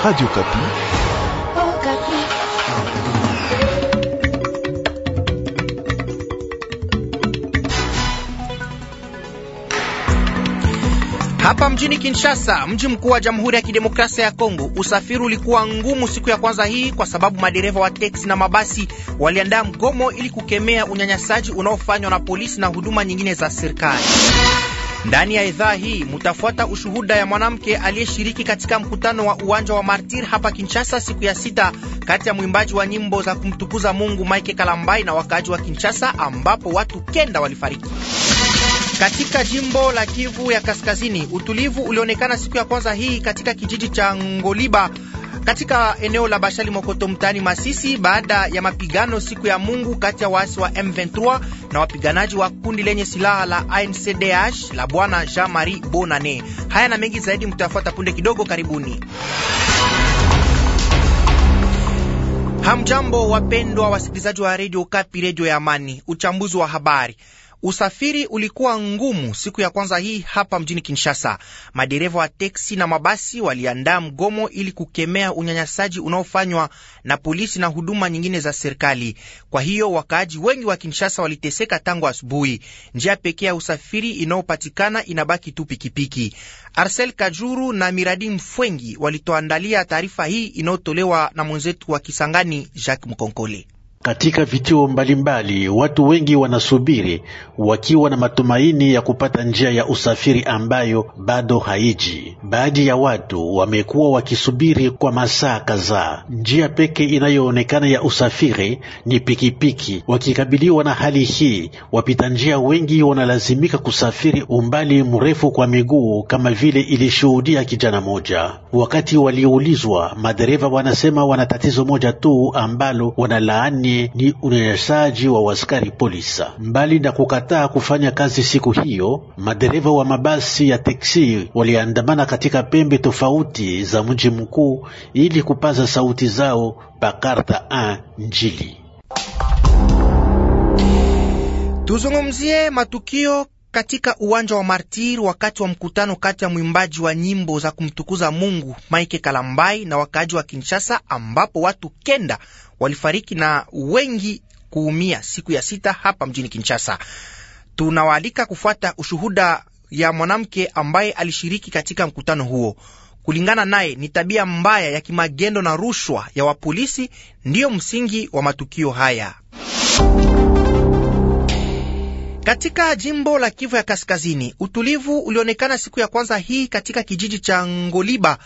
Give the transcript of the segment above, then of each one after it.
Radio Kapi. Oh, Kapi. Hapa mjini Kinshasa, mji mkuu wa Jamhuri ya Kidemokrasia ya Kongo, usafiri ulikuwa ngumu siku ya kwanza hii kwa sababu madereva wa teksi na mabasi waliandaa mgomo ili kukemea unyanyasaji unaofanywa na polisi na huduma nyingine za serikali. Ndani ya idhaa hii mutafuata ushuhuda ya mwanamke aliyeshiriki katika mkutano wa uwanja wa Martir hapa Kinshasa siku ya sita kati ya mwimbaji wa nyimbo za kumtukuza Mungu Mike Kalambai na wakaaji wa Kinshasa ambapo watu kenda walifariki. Katika jimbo la Kivu ya Kaskazini, utulivu ulionekana siku ya kwanza hii katika kijiji cha Ngoliba katika eneo la Bashali Mokoto mtaani Masisi baada ya mapigano siku ya Mungu kati ya waasi wa M23 na wapiganaji wa kundi lenye silaha la ANCDH la bwana Jean-Marie Bonane. Haya na mengi zaidi mtafuata punde kidogo, karibuni. Hamjambo wapendwa wasikilizaji wa redio Kapi, redio ya Amani. Uchambuzi wa habari Usafiri ulikuwa ngumu siku ya kwanza hii hapa mjini Kinshasa. Madereva wa teksi na mabasi waliandaa mgomo ili kukemea unyanyasaji unaofanywa na polisi na huduma nyingine za serikali. Kwa hiyo wakaaji wengi wa Kinshasa waliteseka tangu asubuhi. Njia pekee ya usafiri inayopatikana inabaki tu pikipiki. Arsel Kajuru na Miradi Mfwengi walitoandalia taarifa hii inayotolewa na mwenzetu wa Kisangani, Jacques Mkonkole. Katika vituo mbalimbali watu wengi wanasubiri wakiwa na matumaini ya kupata njia ya usafiri ambayo bado haiji. Baadhi ya watu wamekuwa wakisubiri kwa masaa kadhaa. Njia pekee inayoonekana ya usafiri ni pikipiki. Wakikabiliwa na hali hii, wapita njia wengi wanalazimika kusafiri umbali mrefu kwa miguu, kama vile ilishuhudia kijana moja. Wakati waliulizwa, madereva wanasema wana tatizo moja tu ambalo wanalaani yake ni unyanyasaji wa waskari polisa. Mbali na kukataa kufanya kazi siku hiyo, madereva wa mabasi ya teksi waliandamana katika pembe tofauti za mji mkuu ili kupaza sauti zao pakarta a njili. Tuzungumzie matukio katika uwanja wa Martiri wakati wa mkutano kati ya mwimbaji wa nyimbo za kumtukuza Mungu Mike Kalambai na wakaaji wa Kinshasa, ambapo watu kenda walifariki na wengi kuumia siku ya sita hapa mjini Kinshasa. Tunawaalika kufuata ushuhuda ya mwanamke ambaye alishiriki katika mkutano huo. Kulingana naye, ni tabia mbaya ya kimagendo na rushwa ya wapolisi ndiyo msingi wa matukio haya. Katika jimbo la Kivu ya Kaskazini, utulivu ulionekana siku ya kwanza hii katika kijiji cha Ngoliba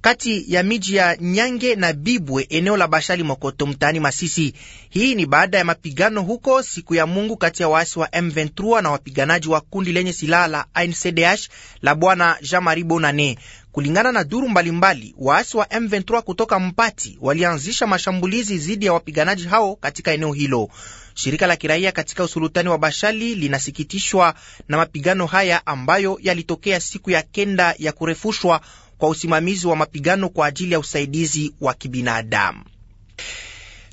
kati ya miji ya Nyange na Bibwe eneo la Bashali Mokoto mtaani Masisi. Hii ni baada ya mapigano huko siku ya Mungu kati ya waasi wa M23 na wapiganaji wa kundi lenye silaha la ANCDH la bwana Jean Marie Bonane. Kulingana na duru mbalimbali, waasi wa M23 kutoka Mpati walianzisha mashambulizi dhidi ya wapiganaji hao katika eneo hilo. Shirika la kiraia katika usulutani wa Bashali linasikitishwa na mapigano haya ambayo yalitokea siku ya kenda ya kurefushwa kwa usimamizi wa mapigano kwa ajili ya usaidizi wa kibinadamu.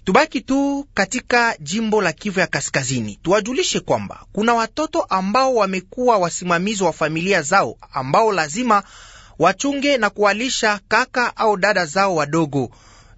Tubaki tu katika jimbo la Kivu ya Kaskazini, tuwajulishe kwamba kuna watoto ambao wamekuwa wasimamizi wa familia zao ambao lazima wachunge na kuwalisha kaka au dada zao wadogo.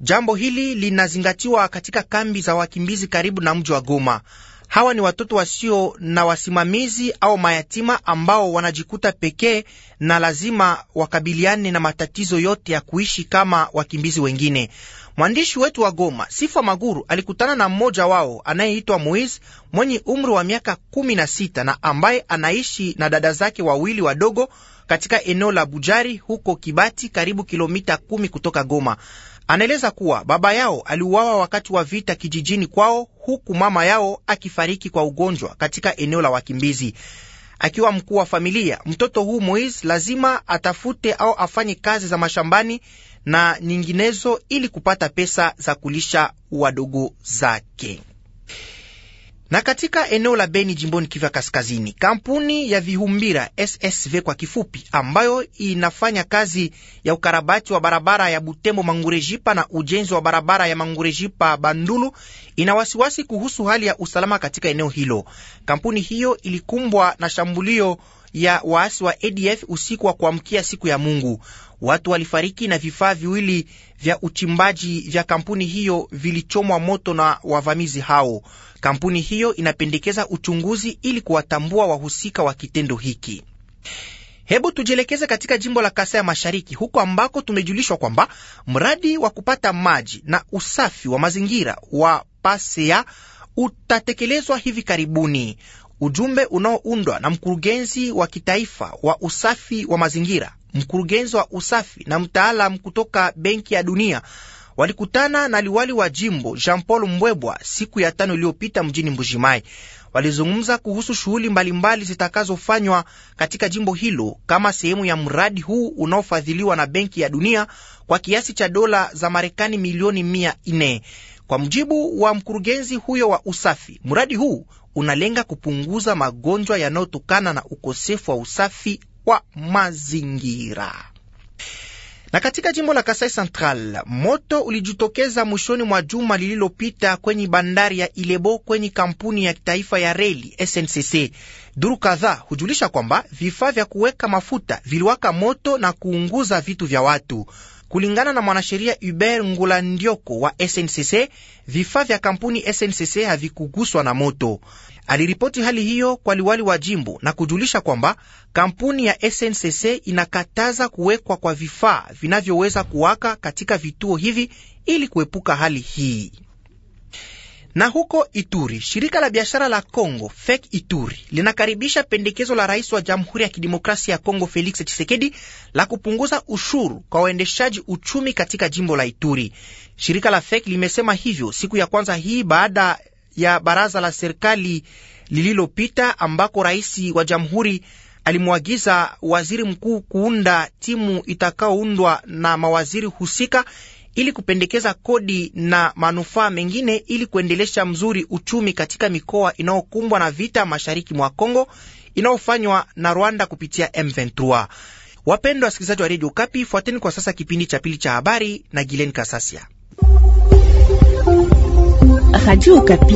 Jambo hili linazingatiwa katika kambi za wakimbizi karibu na mji wa Goma. Hawa ni watoto wasio na wasimamizi au mayatima ambao wanajikuta pekee na lazima wakabiliane na matatizo yote ya kuishi kama wakimbizi wengine. Mwandishi wetu wa Goma, Sifa Maguru, alikutana na mmoja wao anayeitwa Moise mwenye umri wa miaka kumi na sita na ambaye anaishi na dada zake wawili wadogo katika eneo la Bujari huko Kibati, karibu kilomita kumi kutoka Goma. Anaeleza kuwa baba yao aliuawa wakati wa vita kijijini kwao, huku mama yao akifariki kwa ugonjwa katika eneo la wakimbizi. Akiwa mkuu wa familia, mtoto huu Moise lazima atafute au afanye kazi za mashambani na nyinginezo ili kupata pesa za kulisha wadogo zake. Na katika eneo la Beni jimboni Kivu Kaskazini, kampuni ya Vihumbira SSV kwa kifupi, ambayo inafanya kazi ya ukarabati wa barabara ya Butembo Mangurejipa na ujenzi wa barabara ya Mangurejipa Bandulu, ina wasiwasi kuhusu hali ya usalama katika eneo hilo. Kampuni hiyo ilikumbwa na shambulio ya waasi wa ADF usiku wa kuamkia siku ya Mungu. Watu walifariki na vifaa viwili vya uchimbaji vya kampuni hiyo vilichomwa moto na wavamizi hao. Kampuni hiyo inapendekeza uchunguzi ili kuwatambua wahusika wa kitendo hiki. Hebu tujielekeze katika jimbo la Kasai ya Mashariki, huko ambako tumejulishwa kwamba mradi wa kupata maji na usafi wa mazingira wa Pasea utatekelezwa hivi karibuni ujumbe unaoundwa na mkurugenzi wa kitaifa wa usafi wa mazingira, mkurugenzi wa usafi na mtaalam kutoka Benki ya Dunia walikutana na liwali wa jimbo Jean Paul Mbwebwa siku ya tano iliyopita mjini Mbujimai. Walizungumza kuhusu shughuli mbalimbali zitakazofanywa katika jimbo hilo kama sehemu ya mradi huu unaofadhiliwa na Benki ya Dunia kwa kiasi cha dola za Marekani milioni mia nne. Kwa mujibu wa mkurugenzi huyo wa usafi, mradi huu unalenga kupunguza magonjwa yanayotokana na ukosefu wa usafi wa mazingira. Na katika jimbo la Kasai Central, moto ulijitokeza mwishoni mwa juma lililopita kwenye bandari ya Ilebo kwenye kampuni ya kitaifa ya reli SNCC. Duru kadhaa hujulisha kwamba vifaa vya kuweka mafuta viliwaka moto na kuunguza vitu vya watu. Kulingana na mwanasheria Hubert Ngulandioko wa SNCC, vifaa vya kampuni SNCC havikuguswa na moto. Aliripoti hali hiyo kwa liwali wa jimbo na kujulisha kwamba kampuni ya SNCC inakataza kuwekwa kwa vifaa vinavyoweza kuwaka katika vituo hivi ili kuepuka hali hii. Na huko Ituri, shirika la biashara la Congo FEC Ituri linakaribisha pendekezo la rais wa Jamhuri ya Kidemokrasia ya congo Felix Tshisekedi la kupunguza ushuru kwa waendeshaji uchumi katika jimbo la Ituri. Shirika la FEC limesema hivyo siku ya kwanza hii baada ya baraza la serikali lililopita ambako rais wa jamhuri alimwagiza waziri mkuu kuunda timu itakaoundwa na mawaziri husika ili kupendekeza kodi na manufaa mengine ili kuendelesha mzuri uchumi katika mikoa inayokumbwa na vita mashariki mwa Kongo inayofanywa na Rwanda kupitia M23. Wapendwa wasikilizaji wa redio Kapi, fuateni kwa sasa kipindi cha pili cha habari na Gilen Kasasia. Radio Kapi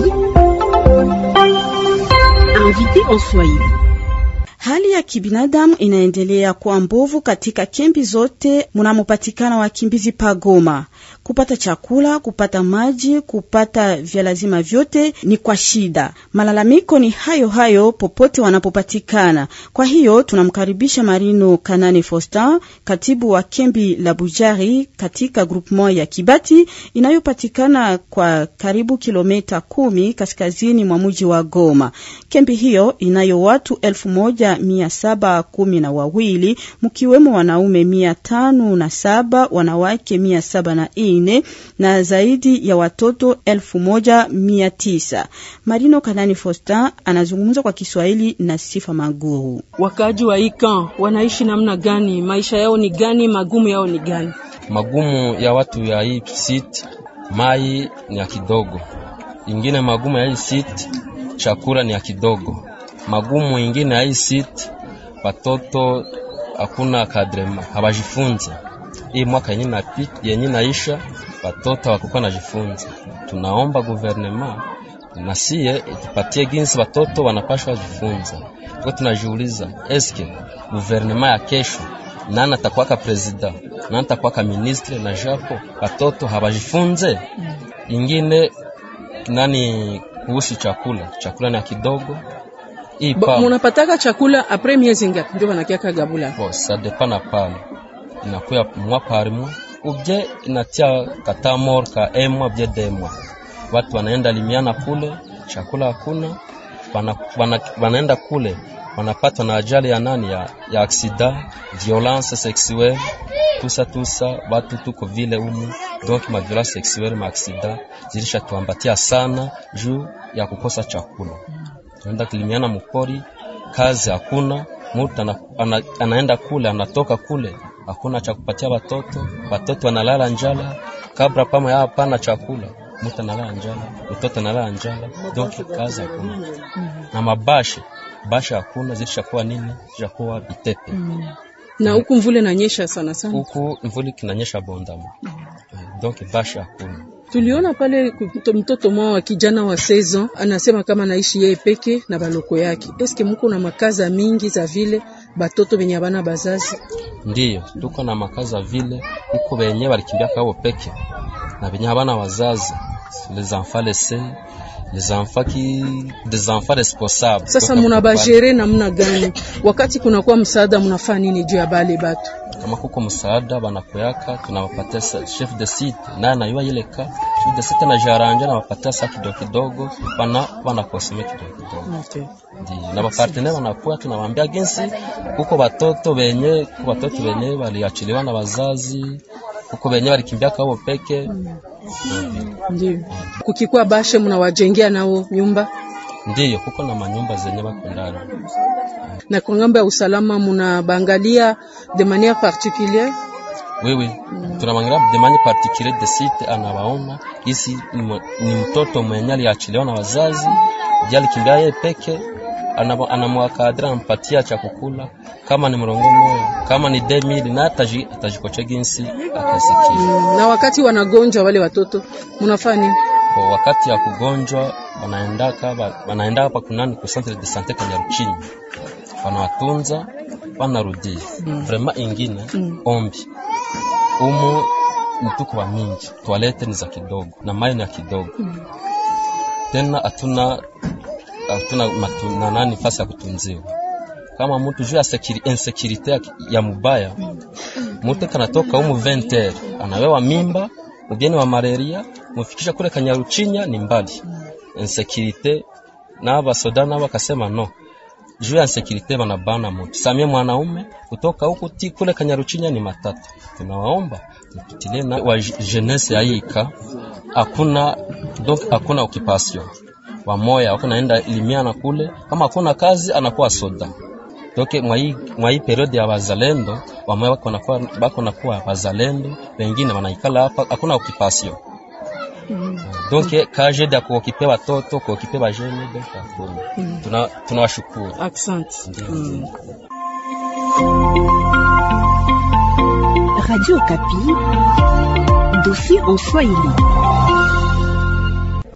en Swahili Hali ya kibinadamu inaendelea kuwa mbovu katika kembi zote munamopatikana wakimbizi pagoma. Goma kupata chakula, kupata maji, kupata vya lazima vyote ni kwa shida. Malalamiko ni hayo hayo popote wanapopatikana. Kwa hiyo tunamkaribisha Marino Kanane fostin katibu wa Kembi la Bujari katika groupement ya Kibati inayopatikana kwa karibu kilomita kumi kaskazini mwa mji wa Goma. Kembi hiyo inayo watu elfu moja mia saba kumi na wawili mkiwemo wanaume mia tano na saba wanawake mia saba na ini ine na zaidi ya watoto elfu moja mia tisa. Marino Kanani Fosta anazungumza kwa Kiswahili na Sifa Maguru. Wakaaji wa Ikan wanaishi namna gani? Maisha yao ni gani? Magumu yao ni gani? Magumu ya watu ya hii siti, mai ni ya kidogo, ingine magumu ya hii siti, chakula ni ya kidogo, magumu ingine ya hii siti, watoto hakuna kadrema, hawajifunza hii mwaka yenye napita yenye naisha, watoto wakukuwa najifunza. Tunaomba guvernema na sie itupatie ginsi watoto wanapashwa jifunza. Kwa tunajiuliza eske guvernema ya kesho nana takwaka presida nana takwaka ministre na japo watoto hawajifunze ingine nani kuhusu chakula, chakula ni kidogo ipa. Munapataka chakula apre miezi ngapi? Ndio wanakiaka gabula. Bo, depana pale inakuya mwa pari mwa ubye inatia katamor ka emwa bye demwa. Watu wanaenda limiana kule, chakula hakuna, wana, wana, wanaenda kule wanapata na ajali ya nani ya, ya aksida violence sexuelle tusa tusa, watu tuko vile umu donc ma violence sexuelle ma aksida zilisha tuambatia sana juu ya kukosa chakula. Tunaenda kilimiana mupori, kazi hakuna, mtu ana, ana, anaenda kule anatoka kule hakuna cha kupatia watoto, watoto wanalala njala, kabla pamo ya hapana chakula, mtu analala njala, mtoto analala njala, donc kazi hakuna mm -hmm. na mabashi basha hakuna, zishakuwa nini, zishakuwa bitepe mm. -hmm. Na huku mvule nanyesha sana sana, huku mvule kinanyesha bondama. mm. Mm-hmm. donki basha hakuna tuliona pale mtoto mwa wa kijana wa sezo anasema kama naishi yeye peke na baloko yake. Eske muko na makaza mingi za vile batoto benye bana bazazi. Ndiyo tuko na makaza vile huko benye balikimbia kwao peke na benye bana wazazi les enfants laissés des enfants responsables. Sasa muna na muna gani? wakati kuna kwa msaada munafaa nini juu ya bale batu? Kama kuko msaada bana kuyaka tunawapatia chef de site na na yua ile ka chef de site na jaranja, na wapatia sa kidogo kidogo, bana bana wanakosome kidogo kidogo. Okay. Di na ba partenaire bapartenere wanakuwa tunawaambia gensi kuko batoto benye batoto benye waliachiliwa na wazazi huko wenyewe walikimbia hapo peke. Ndio kukikwa bashe mnawajengea nao nyumba ndio kuko na manyumba zenye bako ndani. Na kwa ngambo ya usalama mnabangalia de manière particulière? Oui oui. Mm. Tunabangalia de manière particulière de site anabaona isi ni mtoto mwenye aliachiliwa na wazazi, jali kimbia yeye peke anamwakadra cha kukula, kama ni mrongo moya, kama ni demili na ataji atajikocha ginsi akasikia. Na wakati wanagonjwa wale watoto mnafanya Kwa wakati ya kugonjwa wanaendaka wanaendaka pa kunani ku centre de sante Kanyarukinyi, wanawatunza wanarudia. mm. Vrema ingine mm. ombi umu mtuko wa mingi, toilette ni za kidogo na maji ni ya kidogo mm. Tena atuna hatuna matuna nani fasi ya kutunziwa. Kama mtu juu ya insecurity ya mubaya, mtu kanatoka umu venter, anawewa mimba, ugeni wa malaria, mufikisha kule Kanyaruchinya ni mbali. Insecurity na aba abasoda aba kasema no juu ya insecurity bana bana mtu. Samia mwanaume kutoka huku ti kule Kanyaruchinya ni matatu. Tunawaomba tutilie na wa jeunesse aika hakuna donc hakuna occupation wamoya wako naenda limiana kule, kama hakuna kazi anakuwa soda toke mwa hii periode ya wazalendo wamoya bako nakuwa wazalendo, wengine wanaikala hapa, hakuna okipasio mm. Mm-hmm. Donc kaje da kuokipe watoto kuokipe wajene donc hakuna mm-hmm. tuna tunawashukuru asante mm-hmm. Radio Kapi dossier en Swahili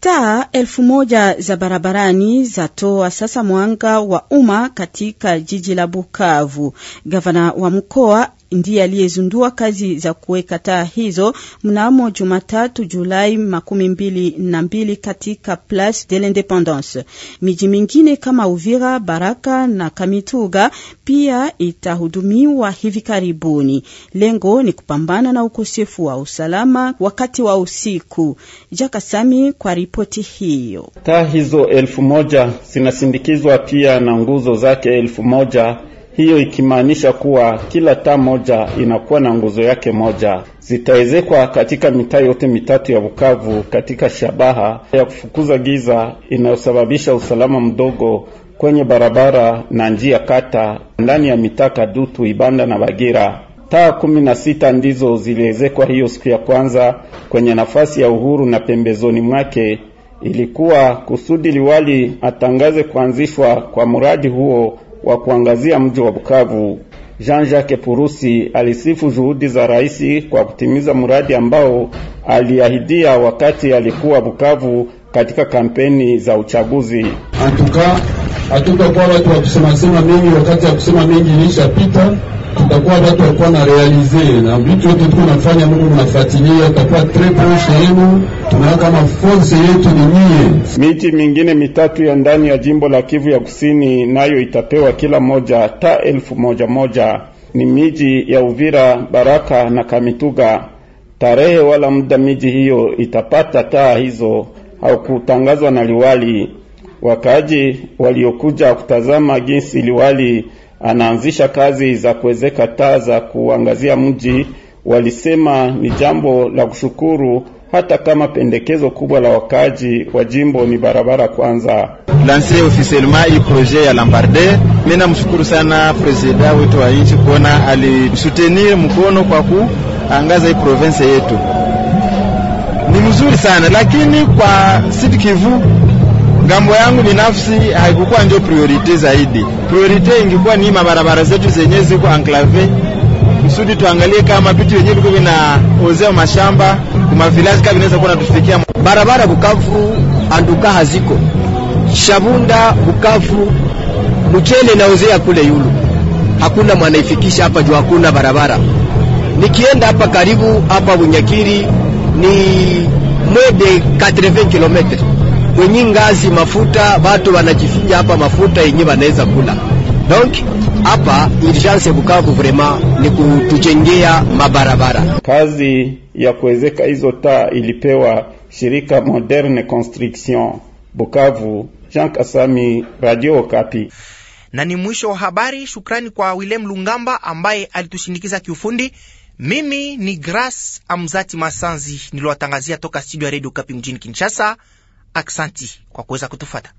Taa elfu moja za barabarani zatoa sasa mwanga wa umma katika jiji la Bukavu. Gavana wa mkoa ndiye aliyezindua kazi za kuweka taa hizo mnamo Jumatatu Julai makumi mbili na mbili katika Place de l'Independance. Miji mingine kama Uvira, Baraka na Kamituga pia itahudumiwa hivi karibuni. Lengo ni kupambana na ukosefu wa usalama wakati wa usiku. Jakasami kwa ripoti hiyo. Taa hizo elfu moja zinasindikizwa pia na nguzo zake elfu moja hiyo ikimaanisha kuwa kila taa moja inakuwa na nguzo yake moja. Zitaezekwa katika mitaa yote mitatu ya Bukavu katika shabaha ya kufukuza giza inayosababisha usalama mdogo kwenye barabara na njia kata ndani ya mitaa Kadutu, Ibanda na Bagira. Taa kumi na sita ndizo ziliezekwa hiyo siku ya kwanza kwenye nafasi ya Uhuru na pembezoni mwake. Ilikuwa kusudi liwali atangaze kuanzishwa kwa mradi huo wa kuangazia mji wa Bukavu. Jean-Jacques Purusi alisifu juhudi za rais kwa kutimiza mradi ambao aliahidia wakati alikuwa Bukavu katika kampeni za uchaguzi. Antuka hatuka kwa watu wa kusema sema mengi, wakati ya kusema mengi ilishapita tutakuwa watu walikuwa na realize na vitu yote tuko nafanya, Mungu mnafuatilia, tutakuwa tres proche yenu. Tunaona kama force yetu ni nyie. Miji mingine mitatu ya ndani ya jimbo la Kivu ya Kusini nayo itapewa kila moja ta elfu moja moja. Ni miji ya Uvira, Baraka na Kamituga. Tarehe wala muda miji hiyo itapata taa hizo haukutangazwa na liwali. Wakaaji waliokuja kutazama jinsi liwali anaanzisha kazi za kuwezeka taa za kuangazia mji, walisema ni jambo la kushukuru, hata kama pendekezo kubwa la wakaji wa jimbo ni barabara kwanza. lance officiellement hii projet ya Lambarde. Mimi namshukuru sana presida wetu wa nchi kuona alisutenir mkono kwa kuangaza hii province yetu, ni mzuri sana lakini kwa Sud Kivu ngambo yangu binafsi haikukuwa ndio priorite zaidi. Priorite ingekuwa ni mabarabara zetu zenyewe ziko enclave, kusudi tuangalie kama vitu vyenyewe viko vinaozea mashamba kumavilazi kama vinaweza kuwa natufikia. Barabara Bukavu anduka haziko Shabunda Bukavu, mchele naozea kule yulu, hakuna mwanaifikisha hapa juu, hakuna barabara. Nikienda hapa karibu hapa Bunyakiri ni mwede 80 kilometre kwenye ngazi mafuta, watu wanajifinja hapa mafuta yenye wanaweza kula. Donc hapa urgence kukaa kuvrema ni kutujengea mabarabara. Kazi ya kuwezeka hizo taa ilipewa shirika Moderne Construction Bukavu. Jean Kasami, Radio Okapi. Na ni mwisho wa habari. Shukrani kwa Willem Lungamba ambaye alitushindikiza kiufundi. Mimi ni Grace Amzati Masanzi niliwatangazia toka studio ya Radio Okapi mjini Kinshasa. Aksanti kwa kuweza kutufata.